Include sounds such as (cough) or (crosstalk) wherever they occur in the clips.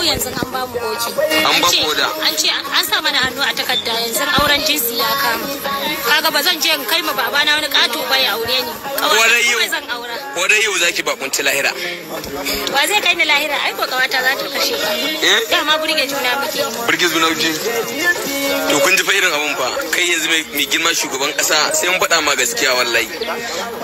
mu yanzu an ba mu goji an ba koda an ce an sa mana hannu a takarda yanzu auren jinsi ya kama kaga ba zan je in kai ma babana wani kato ba ya aure ni kawai yau zan aura wadai yau zaki bakunci lahira wa zai kai ni lahira ai ko kawata za ta kashe ka eh dama burge juna muke burge juna muke to kun ji fa irin abun fa kai yanzu mai girma shugaban kasa sai mun faɗa ma gaskiya wallahi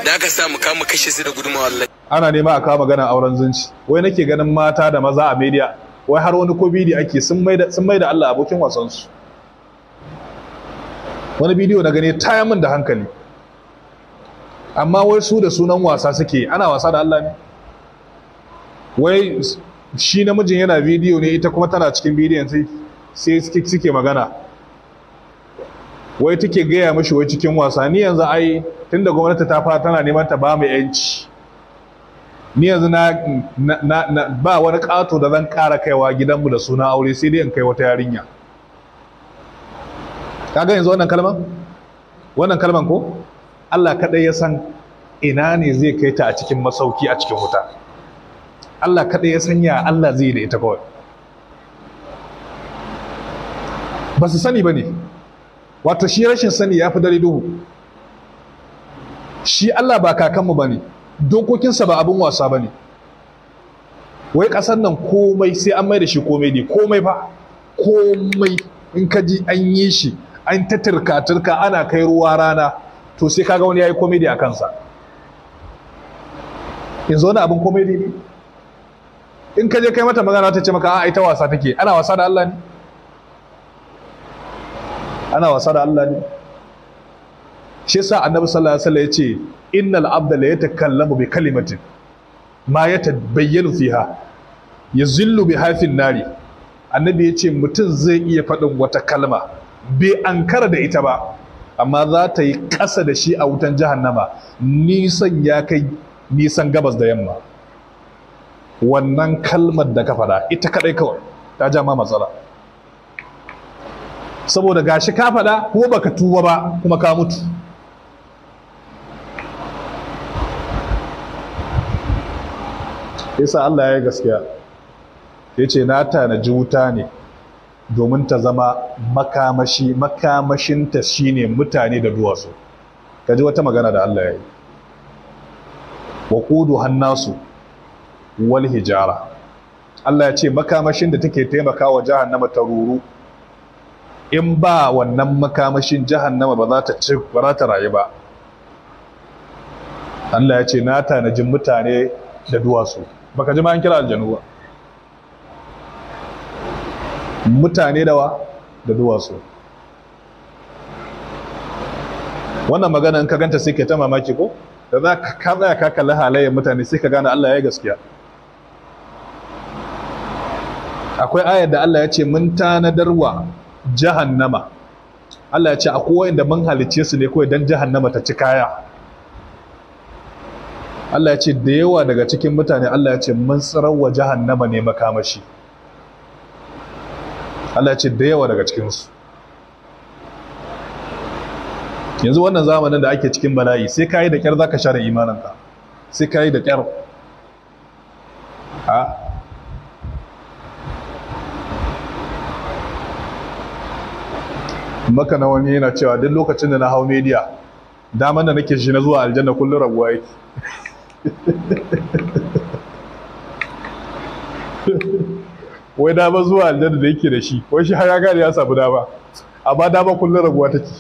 da aka sa mu kama kashe su da gudunmawa wallahi ana nema a kawo magana auren zunci wai nake ganin mata da maza a media wai har wani ko bidiyo ake sun mai da Allah abokin wasansu wani bidiyo na gane taya min da hankali amma wai su da sunan wasa suke ana wasa da Allah ne wai shi namijin yana bidiyo ne ita kuma tana cikin bidiyon sai suke magana wai take gaya mashi wai cikin wasa ni yanzu ai tunda gwamnati ta fara tana neman ta ba mu yanci ni yanzu na ba wani ƙato da zan ƙara kaiwa gidanmu da suna aure sai dai in kai wata yarinya ka ga yanzu wannan kalman wannan kalman ko Allah kaɗai ya san ina ne zai kai ta a cikin masauki a cikin wuta Allah kaɗai ya sanya Allah zai da ita kawai ba su sani ba ne wato shi rashin sani ya fi dare duhu shi Allah ba kakanmu ba ne dokokinsa ba abin wasa ba ne wai ƙasar nan komai sai an mai da shi komai ne komai ba komai in ka ji an yi shi an ta turka ana kai ruwa rana to sai kaga wani ya yi komedi a kansa zo na abin komedi ne in ka je kai mata magana ta ce maka a ita wasa take ana wasa da Allah ne ana wasa da Allah ne shi yasa annabi sallallahu alaihi wasallam yace innal abda la yatakallamu bi kalimatin ma yatabayyanu fiha yazillu bi hafin nari annabi ce, mutum zai iya faɗin wata kalma bai ankara da ita ba amma za ta yi ƙasa da shi a wutan Nama, nisan ya kai nisan gabas da yamma wannan kalmar da ka faɗa ita kaɗai kawai ta ja matsala saboda gashi ka faɗa ko baka tuba ba kuma ka mutu yasa Allah ya gaskiya ya ce na tanaji wuta ne domin ta zama makamashi makamashinta shine mutane da duwatsu kaji wata magana da Allah ya yi wa kudu hannasu wal hijara Allah ya ce makamashin da take taimaka wa jahannama ta ruru in ba wannan makamashin jahannama ba za ta ci ba ta rayu ba Allah ya ce na tanajin mutane da duwatsu baka ji ma an kira aljanu ba mutane dawa da duwatsu wannan magana in ka ganta sai ka ta mamaki ko da za ka kaza ka kalli halayen mutane sai ka gane Allah ya gaskiya akwai ayar da Allah ya ce mun wa jahannama Allah ya ce akwai wanda mun halicce su ne kawai dan jahannama ta ci kaya Allah ya ce da yawa daga cikin mutane Allah ya ce mun tsirar wa jahannama ne makamashi Allah ya ce da yawa daga cikinsu yanzu wannan zamanin da ake cikin bala'i sai ka yi da kyar za ka share imaninka sai ka yi da kyar maka na wani yana cewa duk lokacin da na hau media daman da nake shi na zuwa aljanna kullum rabuwa yake (laughs) wai dama zuwa aljanna da yake da shi wai shi har ya gane ya samu dama amma dama kullum raguwa take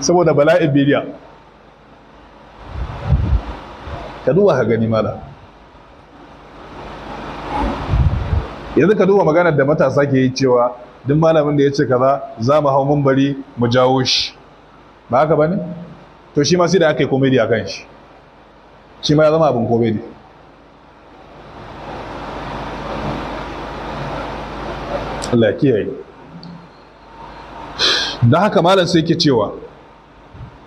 saboda bala'in bidiya ka duwa ka gani mala yanzu ka duwa maganar da matasa ke yi cewa duk malamin da ya ce kaza za mu hau mambari mu jawo shi ba haka ba ne to shi masu sai da aka yi komedi a kan shi shi ma ya zama abin kobe ne Allah ya kiyaye da haka malam sai ke cewa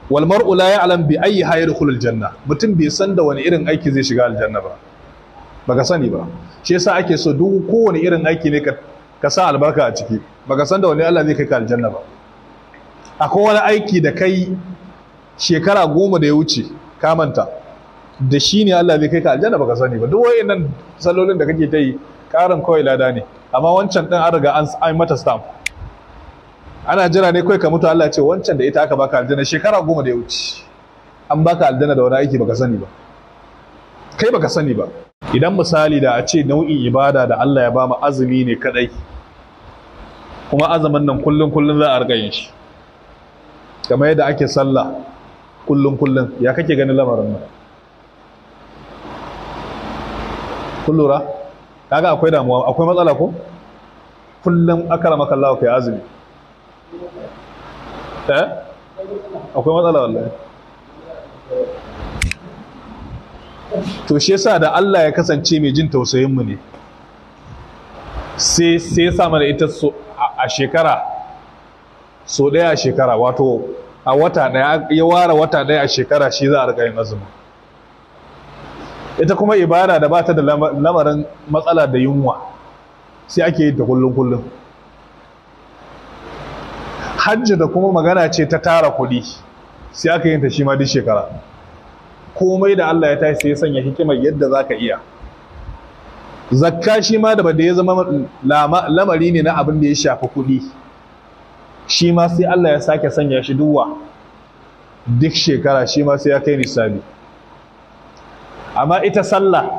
wal mar'u la ya'lam bi ayyi hayr khulul janna mutum bai san da wani irin aiki zai shiga aljanna ba baka sani ba shi yasa ake so duk kowane irin aiki ne ka sa albarka a ciki baka san da wani Allah zai kai ka aljanna ba akwai wani aiki da kai shekara goma da ya wuce ka manta da shi ne Allah zai kai ka aljanna baka sani ba duk wayannan salolin da kake ta yi karin kawai lada ne amma wancan din an riga an ai mata stamp ana jira ne kawai ka mutu Allah ce wancan da ita aka baka aljanna shekara goma da ya wuce an baka aljanna da wani aiki baka sani ba kai baka sani ba idan misali da a ce nau'in ibada da Allah ya ba azumi ne kadai kuma azumin nan kullun kullun za a riga yin shi kamar yadda ake sallah kullun kullun ya kake ganin lamarin nan kun lura kaga akwai damuwa akwai matsala ko kullum akramaka Allah kai azumi eh akwai matsala wallahi to shi yasa da Allah ya kasance mai jin tausayin mu ne sai sai ya sa mana ita so a shekara so daya a shekara wato a wata daya ya ware wata daya a shekara shi za a rika yin azumi ita kuma ibada da ba ta da lamarin matsala da yunwa sai ake yi da kullum kullum hajji da kuma magana ce ta tara kuɗi sai aka yi ta shi ma duk shekara komai da Allah ya tashi sai ya sanya hikimar yadda za ka iya zakka shi ma da ba ya zama lamari ne na abin da ya shafi kuɗi shi ma sai Allah ya sake sanya shi duwa duk shekara shi ma sai ya kai nisabi amma ita sallah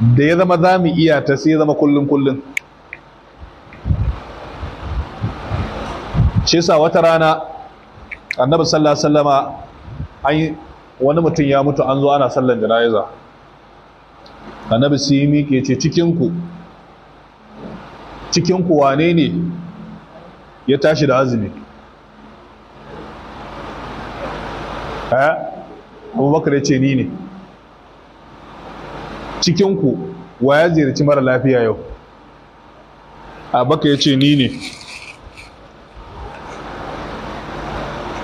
da ya zama za mu iya ta sai ya zama kullum kullum ce sa wata rana annabi sallallahu alaihi wasallama an wani mutum ya mutu an zo ana sallan jana'iza annabi sai yi miƙe ce cikinku cikinku wane ne ya tashi da azumi ha eh? abubakar ya ce ni ne Cikinku, wa ya ziyarci mara lafiya yau abaka ce ni ne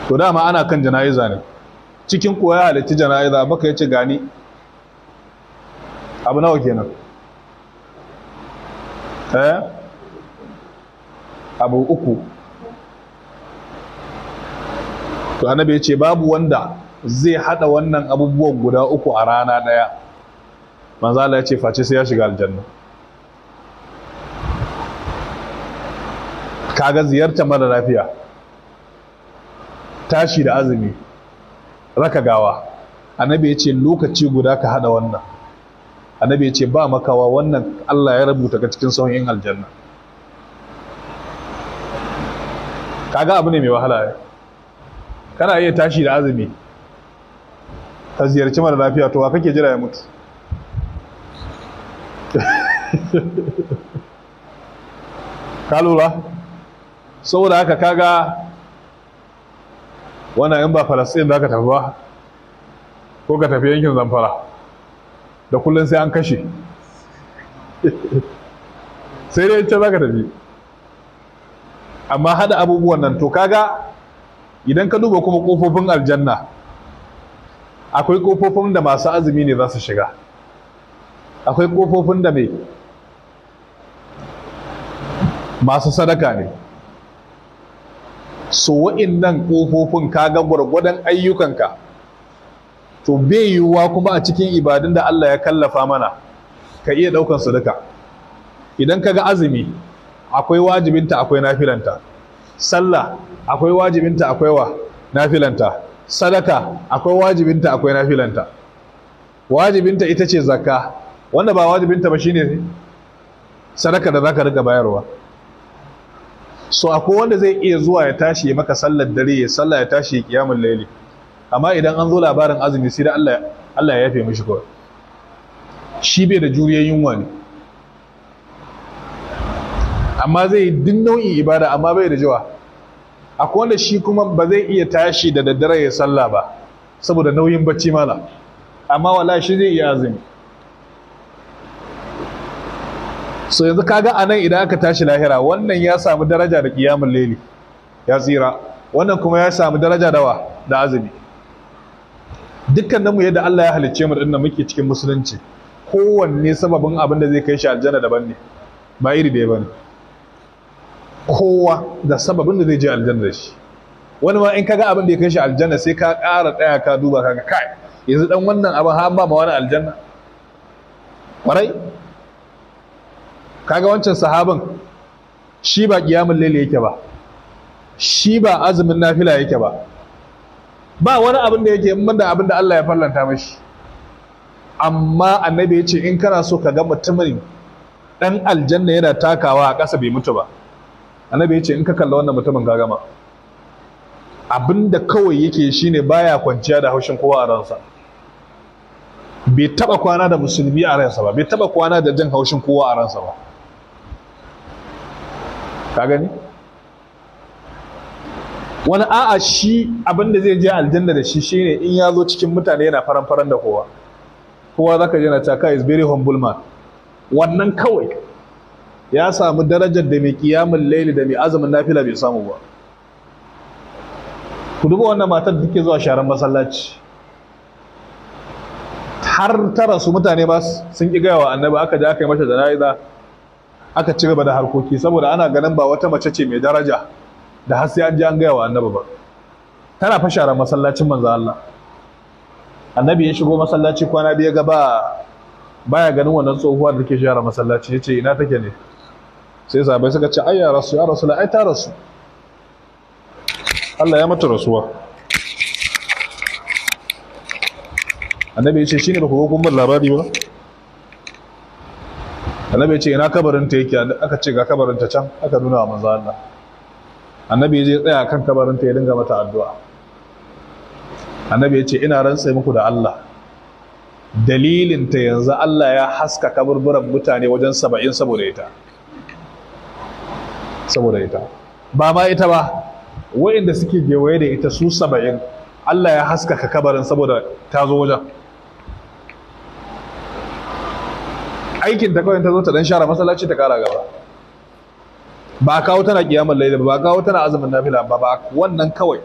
to dama ana kan jana'iza ne cikin ya halittu jana'iza abaka ce gani abu nawa kenan eh abu uku to annabi ya ce babu wanda zai hada wannan abubuwan guda uku a rana daya manzo Allah ya ce face sai ya shiga aljanna kaga ziyarta mara lafiya tashi da azumi raka gawa annabi ya ce lokaci guda ka hada wannan annabi ya ce ba makawa wannan Allah ya rubuta ka cikin sauyin yin aljanna kaga abu ne mai wahala kana iya tashi da azumi ka ziyarci mara lafiya to wa kake jira ya mutu (laughs) ka lura saboda haka kaga wannan yan ba falastin da aka tafi ba ko ka tafi yankin zamfara da kullum sai an kashe (laughs) sai dai can za ka tafi amma hada abubuwan nan to kaga idan ka duba kuma kofofin aljanna akwai kofofin da masu azumi ne za su shiga akwai ƙofofin da mai masu sadaka ne so nan ƙofofin kaga gwargwadon ayyukanka to bai yiwuwa kuma a cikin ibadun da Allah ya kallafa mana ka iya ɗaukan sadaka idan kaga azumi akwai wajibinta akwai nafilanta sallah akwai wajibinta akwai wa nafilanta sadaka akwai wajibinta akwai nafilanta wajibinta ita ce zakka wanda ba wajibinta ba shine sadaka da zaka riga bayarwa so akwai wanda zai iya zuwa ya tashi ya maka sallar dare ya sallah ya tashi ya kiyamul layli amma idan an zo labarin azumi sai da Allah Allah ya yafe mishi kawai shi bai da juriyar yunwa ne amma zai duk nau'in ibada amma bai da jawa akwai wanda shi kuma ba zai iya tashi da daddare ya sallah ba saboda nauyin bacci mala amma wala shi zai iya azumi so yanzu kaga anan idan aka tashi lahira wannan ya samu daraja da kiyamul leli ya tsira wannan kuma ya samu daraja dawa da azumi dukkaninmu yadda Allah ya halicce mu dinnan muke cikin musulunci kowanne sababin abin da zai kai shi aljanna daban ne ba iri da yabani kowa da sababin da zai je aljanna shi wani ma in kaga abin da ya kai shi aljanna sai ka ƙara tsaya ka duba kaga kai yanzu dan wannan abin har ba ma wani aljanna kwarai kaga wancan sahaban shi ba kiyamun layl yake ba shi ba azumin nafila yake ba ba wani abin da yake in banda abin da Allah ya fallanta mashi amma annabi ya ce in kana so ka ga mutumin dan aljanna yana takawa a ƙasa bai mutu ba annabi ya ce in ka kalla wannan mutumin ka gama abin da kawai yake shine baya kwanciya da haushin kowa a ransa bai taba kwana da musulmi a ransa ba bai taba kwana da jin haushin kowa a ransa ba ka gani wani a'a shi abin da zai je aljanna da shi shine in ya zo cikin mutane yana faran faran da kowa kowa zaka je na taka is very humble man wannan kawai ya samu darajar da mai kiyamun laili da mai azumin nafila bai samu ba ku duba wannan matar da ke zuwa sharan masallaci har ta rasu mutane ba sun ki gaya wa annabi aka je aka yi mata jana'iza aka ci gaba da harkoki saboda ana ganin ba wata mace ce mai daraja da har sai an ji an gaya wa annabi ba tana fashara masallacin manzo Allah annabi ya shigo masallaci kwana da ya ba baya ganin wannan tsohuwa da take shara masallaci yace ina take ne sai sahabbai suka ce ai ya rasu ya rasu ai ta rasu Allah ya mata rasuwa annabi ya ce shine ba ku ga kun labari ba annabi ya ce ina kabarin ta yake aka ce ga kabarin ta can aka nuna wa manzo Allah annabi ya je tsaya kan kabarin ta ya dinga mata addu'a annabi ya ce ina rantsa muku da Allah dalilin ta yanzu Allah ya haska kaburburan mutane wajen saba'in saboda ita saboda ita ba ma ita ba wa'inda suke gewaye da ita su saba'in Allah ya haskaka kabarin saboda ta zo wajen Aikinta ta kawai ta zo ta dan share masallaci ta kara gaba ba kawo tana kiyamar laila ba kawo tana azumin nafila ba ba wannan kawai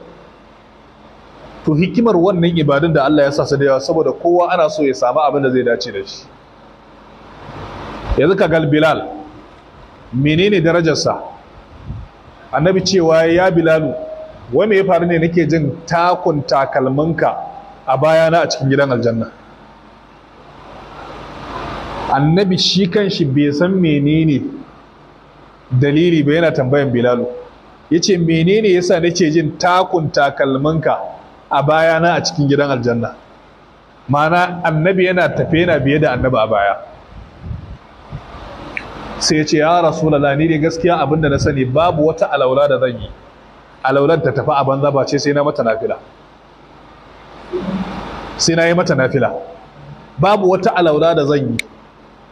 to hikimar wannan ibadun da Allah ya sa su da yawa saboda kowa ana so ya samu abin da zai dace da shi yanzu ka gal bilal menene darajarsa annabi cewa ya bilalu Wani ya faru ne nake jin takun takalminka a bayana a cikin gidan aljanna annabi shi kanshi bai san menene dalili ba yana tambayan bilalu ya ce menene yasa nake jin takun takalminka a bayana a cikin gidan aljanna mana annabi yana tafe yana biye da annabi a baya sai ce ya rasu ni ne gaskiya abinda na sani babu wata alaula da zan yi alaular ta tafi a banza ba ce sai na mata nafila sai na yi mata nafila babu wata alaula da zan yi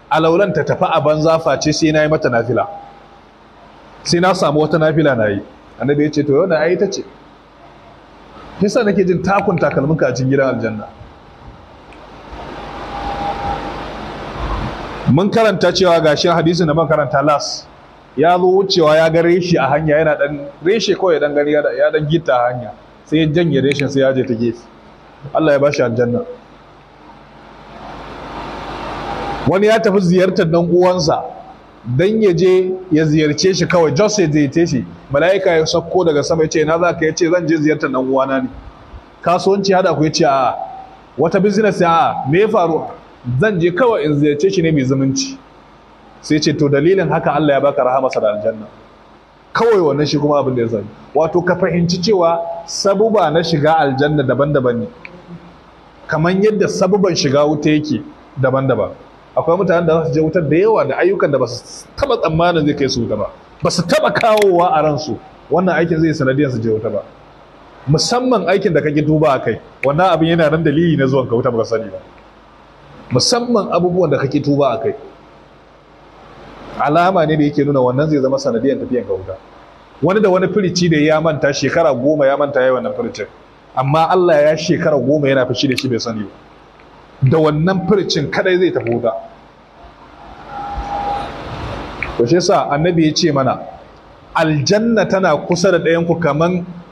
alaulan ta tafi a banza face sai na yi mata nafila sai na samu wata nafila na yi annabi ya ce to yau na ayi ta ce yasa nake jin takun takalmin ka a cikin gidan aljanna mun karanta cewa gashi hadisi na karanta las ya zo wucewa ya ga reshe a hanya yana dan reshe kawai dan gani ya dan gita a hanya sai ya janye reshen sai ya je ta gefe Allah ya bashi aljanna wani ya tafi ziyartar dan uwansa dan ya je ya ziyarce shi kawai just ya ziyarce shi mala'ika ya sauko daga sama ya ce ina za ka ya ce zan je ziyartar dan uwana ne kasuwanci hada ku ya ce a wata business ya me ya faru zan je kawai in ziyarce shi ne mai zumunci sai ce to dalilin haka Allah ya baka rahama sa da aljanna kawai wannan shi kuma abin da ya zai wato ka fahimci cewa sabuba na shiga aljanna daban-daban ne kamar yadda sabuban shiga wuta yake daban-daban akwai mutanen da za su je wutar da yawa da ayyukan da ba su taba tsammanin zai kai su wuta ba ba su taba kawowa a ransu wannan aikin zai sanadiyar su je wuta ba musamman aikin da kake duba a kai wannan abin yana nan dalili na zuwan ka wuta ba sani ba musamman abubuwan da kake duba a kai alama ne da yake nuna wannan zai zama sanadiyar tafiyan ka wuta wani da wani firici da ya manta shekara goma ya manta ya wannan firicin amma Allah ya shekara goma yana fishi da shi bai sani ba da wannan firicin kadai zai tafi wuta to shi annabi ya ce mana aljanna tana kusa da ɗayan ku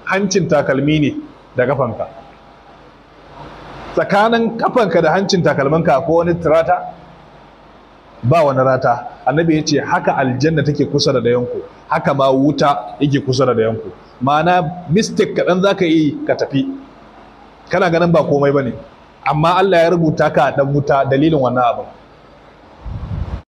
hancin takalmi ne da kafanka tsakanin kafanka da hancin takalmanka ko wani tirata ba wani rata annabi ya ce haka aljanna take kusa da dayanku haka ma wuta yake kusa da dayanku ma'ana mistake kaɗan za ka yi ka tafi kana ganin ba komai ba ne amma Allah ya rubuta ka dan wuta dalilin wannan abin